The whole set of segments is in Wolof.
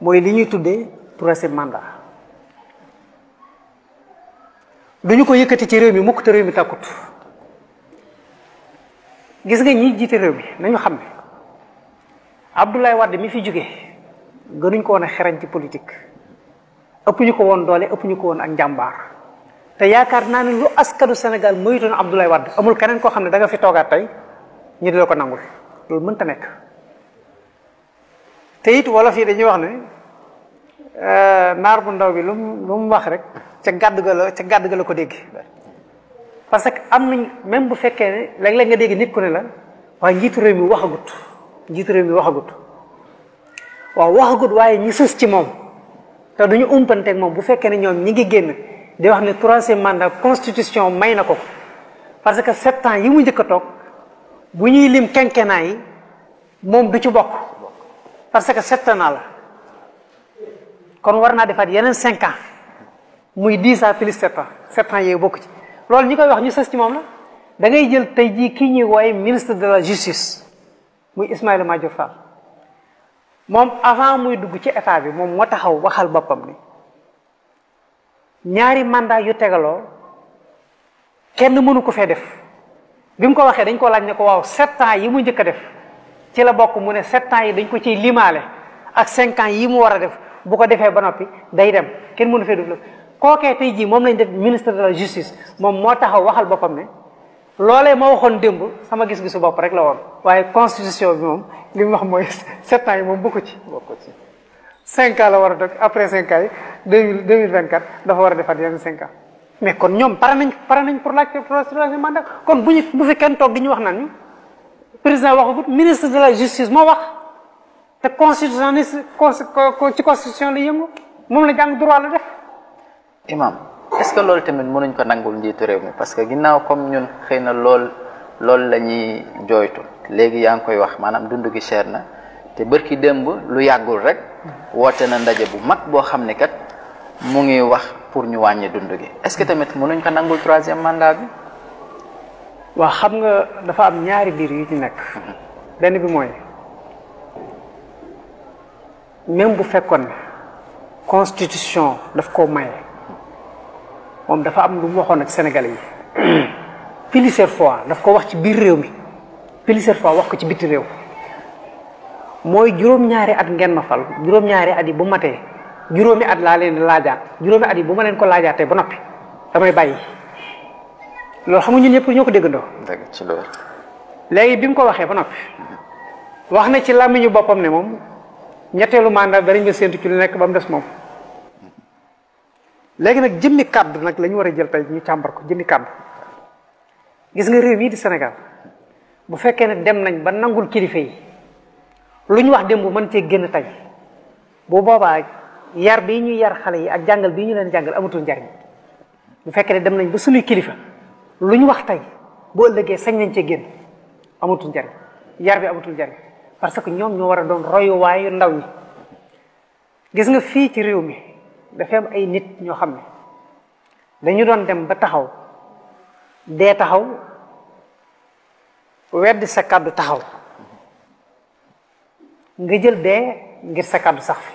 mooy li ñuy tuddee troisième mandat du ñu ko yëkkati ci réew mi mukk te réew mi tàkkut gis nga ñi jiite réew mi nañu xam ne Abdoulaye Wade mi fi jóge gënuñ ko woon a xerañ ci politique ëpp ñu ko woon doole ëpp ñu ko woon ak njàmbaar te yaakaar naa ni lu askanu Sénégal moytu na Abdoulaye Wade amul keneen koo xam ne da fi toogaat tey ñu di la ko nangul loolu mënta nekk te it wolof yi dañuy wax ne euh, naar bu ndaw bi lu mu lu mu wax rek ca gàdd ga la ca gàdd ga la ko dégg parce que am nañ même bu fekkee ne léeg-léeg nga dégg nit ku ne la waaye njiitu réew mi waxagut njiitu réew mi waxagut waaw waxagut waaye ñi sës ci moom te duñu umpanteeg moom bu fekkee ne ñoom ñi ngi génn di wax ne troisième ak constitution may na ko parce que sept ans yi mu njëkk a toog bu ñuy lim quinquennat yi moom du ci bokk parce que 7 ans la kon warna defat yenen 5 ans muy 10 ans plus 7 ans 7 ans yé bokku ci lol ñi koy wax ñu sës ci mom la da ngay jël tay ji ki ñi wooye ministre de la justice muy ismaïl Madior Fall mom avant muy dugg ci état bi mom mo taxaw waxal bopam ni ñaari mandat yu tégaloo kenn mënu ko fee def bi mu ko waxee dañ ko laaj ne ko waaw sept ans yi mu njëkk a def ci la bokk mu ne sept ans yi dañ ko ciy limaale ak cinq ans yi mu war a def bu ko defee ba noppi day dem kenn mënu fee def la kookee tey jii moom lañ def ministre de la justice moom moo taxaw waxal boppam ne loolee ma waxoon démb sama gis-gisu bopp rek la woon waaye constitution bi moom li wax mooy sept ans yi moom bokku ci bokku ci cinq ans la war a def après cinq ans yi deux mille deux mille vingt quatre dafa war a defaat yeneen cinq ans mais kon ñoom pare nañ pare nañ pour la pour la mandat kon bu ñu bu fi kenn toog di ñu wax naan président waxagut ministre de la justice moo wax te constitution ni ci constitution la yëngu moom la jàng droit la def imam est-ce que loolu tamit mënuñ ko nangul njiitu réew mi parce que ginnaaw comme ñun xëy na lool loolu la ñuy jooytu léegi yaa ngi koy wax maanaam dund gi cher na te bërki démb lu yàggul rek woote na ndaje bu mag boo xam ne kat mu ngi wax pour ñu wàññi dund gi est-ce que tamit mënuñ ko nangul troisième mandat bi waa xam nga dafa am ñaari biir yu ci nekk benn bi mooy même bu fekkoon constitution daf koo maye moom dafa am lu mu waxoon ak Sénégalais yi plusieurs fois daf ko wax ci biir réew mi plusieurs fois wax ko ci biti réew mooy juróom-ñaari at ngeen ma fal juróom-ñaari at yi bu matee juróomi at laa leen laajaat juróomi at yi bu ma leen ko laajaatee ba noppi damay bàyyi loolu xam nga ñun ñëpp ñoo ko déggandoo. dëgg ci loolu. léegi bi mu ko waxee ba noppi wax na ci làmmiñu boppam ne moom ñetteelu mandat danañ nga séentu ci lu nekk ba mu des moom léegi nag jëmmi kàddu nag lañu war a jël tey ñu càmbar ko jëmmi kàddu gis nga réew mii di Sénégal bu fekkee ne dem nañ ba nangul kilifa yi lu ñu wax démb mën cee génn tey bu boobaa yar bii ñuy yar xale yi ak jàngal bii ñu leen jàngal amatul njariñ bu fekkee ne dem nañ ba suñuy kilifa. lu ñu wax tey boo ëllëgee sañ nañ cee génn amatul njariñ yar bi amatul njariñ parce que ñoom ñoo war a doon royuwaayu ndaw ñi gis nga fii ci réew mi dafa am ay nit ñoo xam ne dañu doon dem ba taxaw dee taxaw weddi sa kàddu taxaw nga jël dee ngir sa kàddu sax fi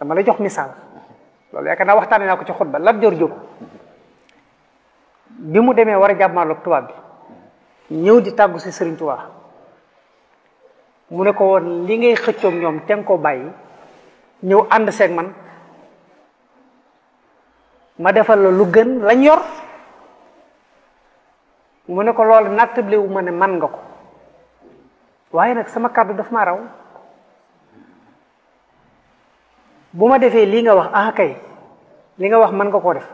dama la jox misaal loolu yaakaar waxtaan waxtaanee naa ko ci ba Lat Joor Jóob bi mu demee war a jàmmaarloog tubaab bi ñëw di tàggu si sëriñ Tuubaa mu ne ko woon li ngay xëccook ñoom te nga ko bàyyi ñëw ànd seeg man ma defal la lu gën lañ yor mu ne ko loolu nattable wu ma ne man nga ko waaye nag sama kàddu daf ma raw bu ma defee lii nga wax ah kay li nga wax man nga koo def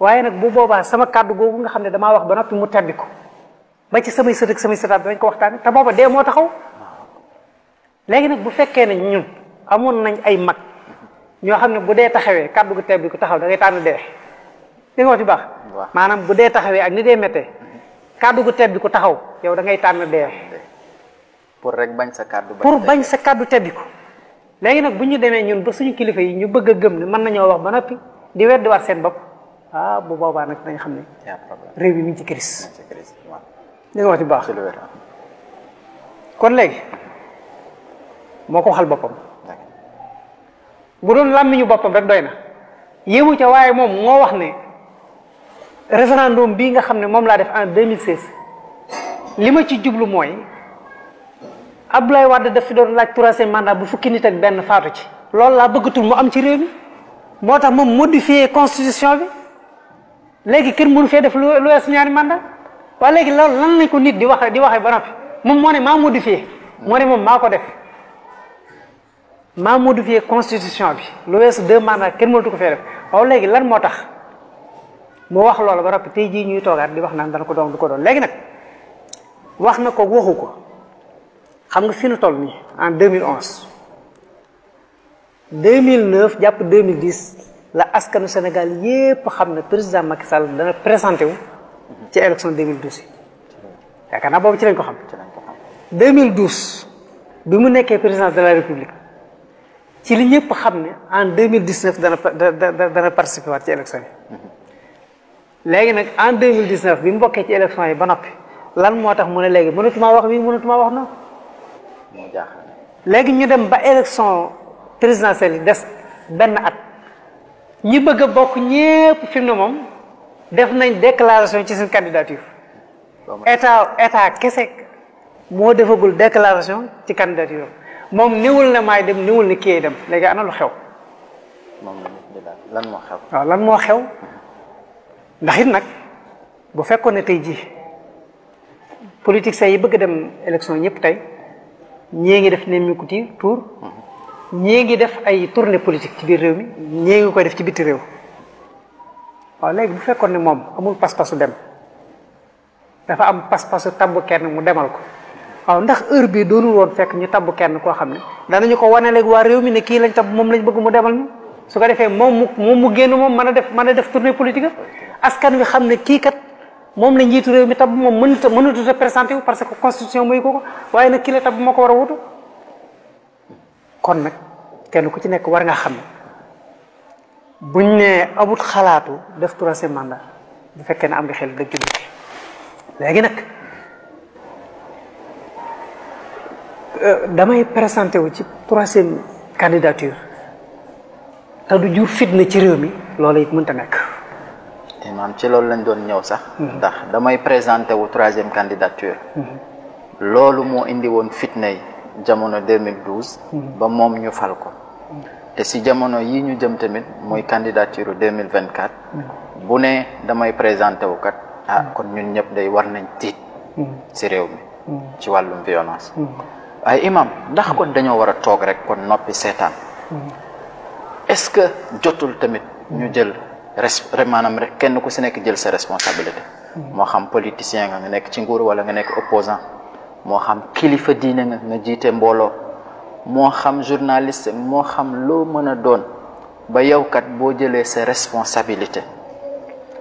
waaye nag bu boobaa sama kàddu googu nga xam ne damaa wax ba noppi mu tebbi ko ba ci samay sët ak samay sëtaat dañ ko waxtaane te booba dee moo taxaw léegi nag bu fekkee ne ñun amoon nañ ay mag ñoo xam ne bu dee taxawee kàddu gu tebbi ko taxaw da ngay tànn dee li nga wax maanaam bu dee taxawee ak ni dee méttee kàddu gu tebbi ko taxaw yow da ngay tànn dee pour rek bañ sa kàddu pour bañ sa kàddu tebbi ko léegi nag bu ñu demee ñun ba suñu kilifa yi ñu bëgg a gëm ne mën nañoo wax ba noppi di weddiwaat seen bopp ah bu boobaa nag dañ xam ne. réew mi mi ngi ci crise li nga wax ci baax kon léegi moo ko xal boppam. bu doon làmmiñu boppam rek doy na yéemu ca waaye moom moo wax ne référendum bii nga xam ne moom laa def en 2016 li ma ci jublu mooy Abdoulaye Wade daf fi doon laaj troisième mandat bu fukki nit ak benn faatu ci. loolu laa bëggatul mu am ci réew mi moo tax moom modifier constitution bi. léegi kenn mënu fee def lu lu weesu ñaari mandat waaye léegi lan lañ ko nit di wax di waxee ba noppi moom moo ne maa modifié moo ne moom maa ko def maa modifié constitution bi lu weesu deux mandats kenn mënatu ko fee def waaw léegi lan moo tax mu wax loolu ba noppi jii ñuy toogaat di wax naan dana ko doon du ko doon léegi nag wax ko waxu ko xam nga fi nu toll nii en 2011 2009 jàpp 2010. la askanu Sénégal yépp xam ne président Macky Sall dana présenté wu ci élection 2012 yi yaakaar naa boobu ci lañ ko xam 2012 bi mu nekkee président de la république ci li ñëpp xam ne en 2019 dana dana participer waat ci élection yi mm-hmm. léegi nag en 2019 bi mu bokkee ci élection yi ba noppi lan moo tax mu ne léegi mënatumaa wax bii mënatumaa wax noonu léegi ñu dem ba élection présidentielle yi des benn at ñi bëgg bokk ñépp fi mu moom def nañ déclaration ci seen candidature état état kese moo defagul déclaration ci candidature moom niwul na maay dem niwul na kii dem léegi ana lu xew xew waaw lan moo xew ndax it nag bu fekkoon ne tey jii politique say yi bëgg dem élection ñëpp tey ñée ngi def ne mi ko ñii ngi def ay tournée politique ci biir réew mi ñii koy def ci bitti réew waaw léegi bu fekkoon ne moom amul pas-pasu dem dafa am pas-pasu tabb kenn mu demal ko waaw ndax heure bii doonul woon fekk ñu tabb kenn koo xam ne danañu ko wane léegi waa réew mi ne kii lañ tabb moom lañ bëgg mu demal su ko defee moom mu moom mu génn moom mën a def mën a def tournée politique askan wi xam ne kii kat la njiitu réew mi tabb moom mënut a mënut a présenté wu parce que constitution mooy ko ko waaye na kii la tabb moo ko war a wutu kon nag kenn ku ci nekk war nga xam buñ ne amut xalaatu def troisième mandat bu fekkee ne am nga xel dëgg bi léegi nag euh, damay présenté wu ci troisième candidature te du jur fitna ci réew mi loolu it mënta nekk. imaam eh, ci loolu lañ doon ñëw sax. Mhm. ndax damay présenté wu troisième candidature. Mhm. loolu moo indi woon fitna yi. jamono 2012. Hmm. ba moom ñu fal ko. te si jamono yi ñu jëm tamit muy candidature 2024. Hmm. bu ne damay présenté wu kat ah hmm. kon ñun ñëpp day war nañ tiit. si réew mi. ci wàllum violence. waaye imam ndax kon dañoo war a toog rek kon noppi seetaan. est-ce que jotul tamit ñu jël res maanaam rek kenn ku si nekk jël sa responsabilité. moo xam politicien nga nga nekk ci nguur wala nga nekk opposant moo xam kilifa diine nga nga jiite mbooloo moo xam journaliste moo xam loo mën a doon ba yow kat boo jëlee sa responsabilité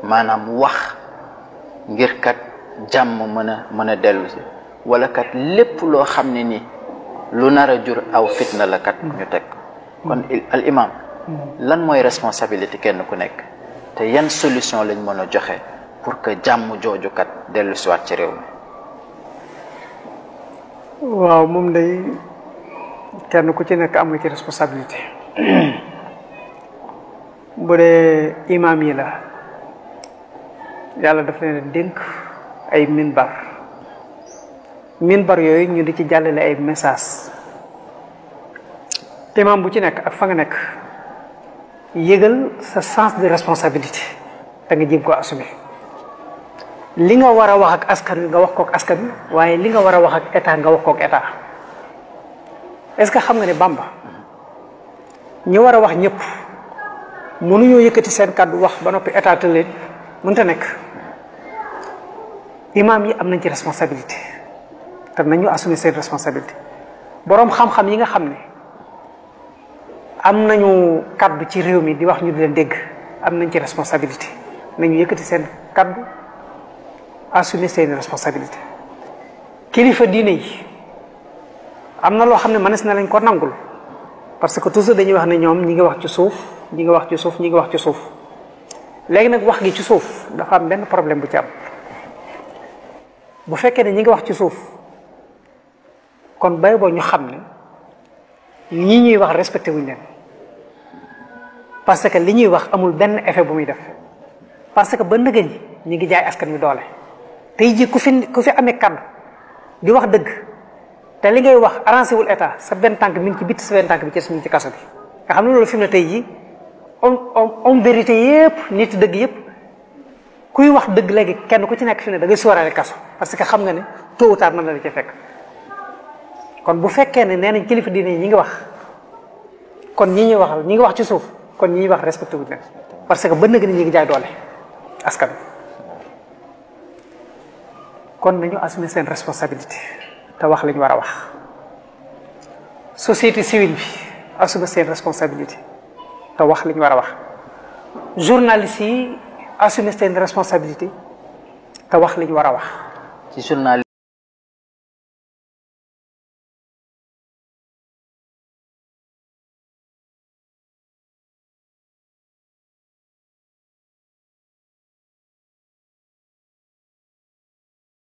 maanaam wax ngir kat jàmm mën a mën a dellu wala kat lépp loo xam ne nii lu nar a jur aw fitna la kat ñu teg kon al imam lan mooy responsabilité kenn ku nekk te yan solution lañ mën a joxe pour que jàmm jooju kat dellu siwaat ci réew waaw moom day kenn ku ci nekk am nga ci responsabilité bu dee imaam yi la yàlla daf leen dénk ay minbar minbar yooyu ñu di ci jàllale ay message imaam bu ci nekk ak fa nga nekk yëgal sa sens de responsabilité te nga jéem koo assumer li nga war a wax ak askan wi nga wax kook askan wi waaye li nga war a wax ak état nga wax kook état est-ce que xam nga ne Bamba ñu war a wax ñëpp mënuñoo yëkkati seen kàddu wax ba noppi état te leen mënta nekk imaam yi am nañ ci responsabilité te nañu assumer seen responsabilité boroom xam-xam yi nga xam ne am nañu kàddu ci réew mi di wax ñu di leen dégg am nañ ci responsabilité nañu yëkkati seen kàddu assumer seeni responsabilité kilifa diine yi am na loo xam ne mënees na lañ ko nangul parce que toujours dañuy wax ne ñoom ñi ngi wax ci suuf ñi ngi wax ci suuf ñi ngi wax ci suuf léegi nag wax gi ci suuf dafa am benn problème bu ci am bu fekkee ne ñi ngi wax ci suuf kon bay boo ñu xam ne ñi ñuy wax respecté wuñ leen parce que li ñuy wax amul benn effet bu muy def parce que ba nëgëñ ñi ngi jaay askan wi doole tey ji ku fi ku fi amee kan di wax dëgg te li ngay wax arrangé wul état sa benn tànk mi ngi ci bitt sa benn tànk bi ci mi ci kaso bi nga loolu fi tey ji on on vérité yëpp nit dëgg yëpp kuy wax dëgg léegi kenn ku ci nekk fi ne da ngay sóoraale kaso parce que xam nga ne tôt ou na la ci fekk kon bu fekkee ne nee nañ kilifa diine ñi ngi wax kon ñi ñuy waxal ñi ngi wax ci suuf kon ñi ñuy wax respecté wuñ leen parce que ba nag ni ñi ngi jaay doole bi kon nañu assumer seen responsabilité te wax lañu war a wax société civile bi assumer seen responsabilité te wax lañu war a wax journaliste yi assumer seen responsabilité te wax lañu war a wax ci journal